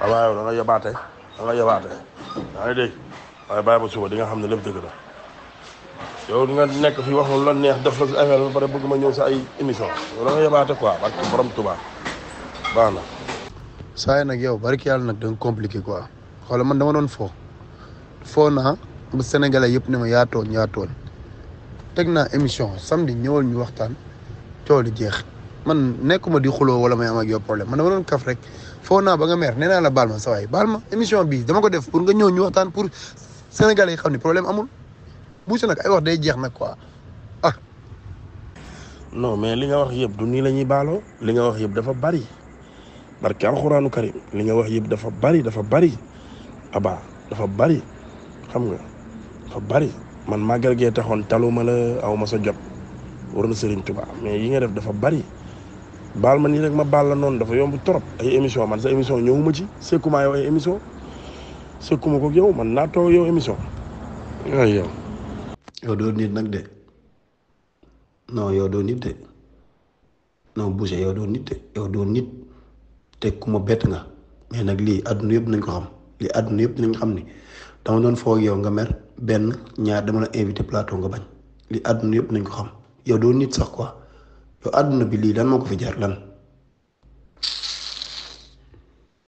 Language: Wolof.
waaye yow da nga yabaate da nga yabaate yaa ngi ba suba di nga xam ne lépp dëgg la yow nga nekk fi wax la neex def la fi bëgg ma ñëw sax ay émission yow da nga yabaate quoi barke borom Tuuba saa yi nag yow barke yàlla nag da nga compliqué quoi xoolal man dama doon foo foo naa ba sénégalais yëpp ne ma yaa tooñ teg naa émission samedi ñëwal ñu waxtaan coow li jeex. man nekkuma di xuloo wala may am ak yow problème man dama waroon kaf rek foo naa ba nga mer nee naa la baal ma sa waay baal ma émission bii dama ko def pour nga ñëw ñu waxtaan pour sénégalais yi xam ne problème amul bu si nag ay wax day jeex nag ko ah. no mais li nga wax yëpp du nii la ñuy baaloo li nga wax yëpp dafa bari barke alxuraanu karim li nga wax yëpp dafa bari dafa bari aba dafa bari xam nga dafa bari man màggal gee taxoon taluma la aw ma sa jot war na Sëriñ Tuubaa mais yi nga def dafa bari. baal ma nii rek ma baal la noonu dafa yomb trop ay émission man sa émission ñëwuma ci sëkkuma yow ay émission sëkkuma ko yow man naa toog yow émission ay yow yow doo nit nag de non yow doo nit de non bougé yow doo nit de yow doo nit te ku ma bett nga mais nag lii àdduna yëpp nañ ko xam lii àdduna yëpp nañ xam ni dama doon foog yow nga mer benn ñaar dama la invité plateau nga bañ lii àdduna yëpp nañ ko xam yow doo nit sax quoi to àdduna bi lii lan moo ko fi jar lan